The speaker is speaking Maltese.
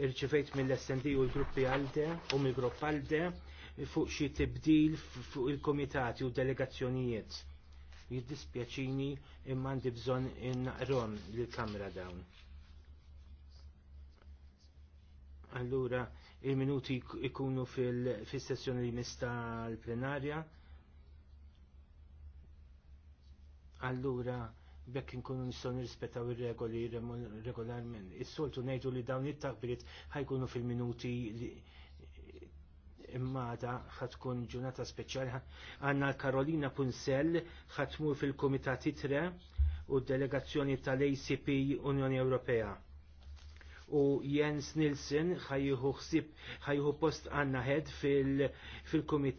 irċivejt mill-SND u l-gruppi għalde u mill-grupp għalde fuq xi tibdil fuq il-komitati u delegazzjonijiet. Jiddispjaċini imma għandi bżonn innaqrom lill-kamra dawn. Allura, il-minuti ikunu fil-sessjoni li mista l-plenarja. Allura, bekk inkunu nistgħu nirrispettaw ir-regoli regolarment. Is-soltu ngħidu li dawn it-takbiriet ħajkunu fil-minuti li immada ħatkun ġunata speċjali għandna Karolina Punsell ħatmur fil-Kumitat Itre u delegazzjoni tal-ACP Unjoni Ewropea. U Jens Nilsen ħajjuħu ħsib ħajjuħu post għandna ħed fil-Kumitat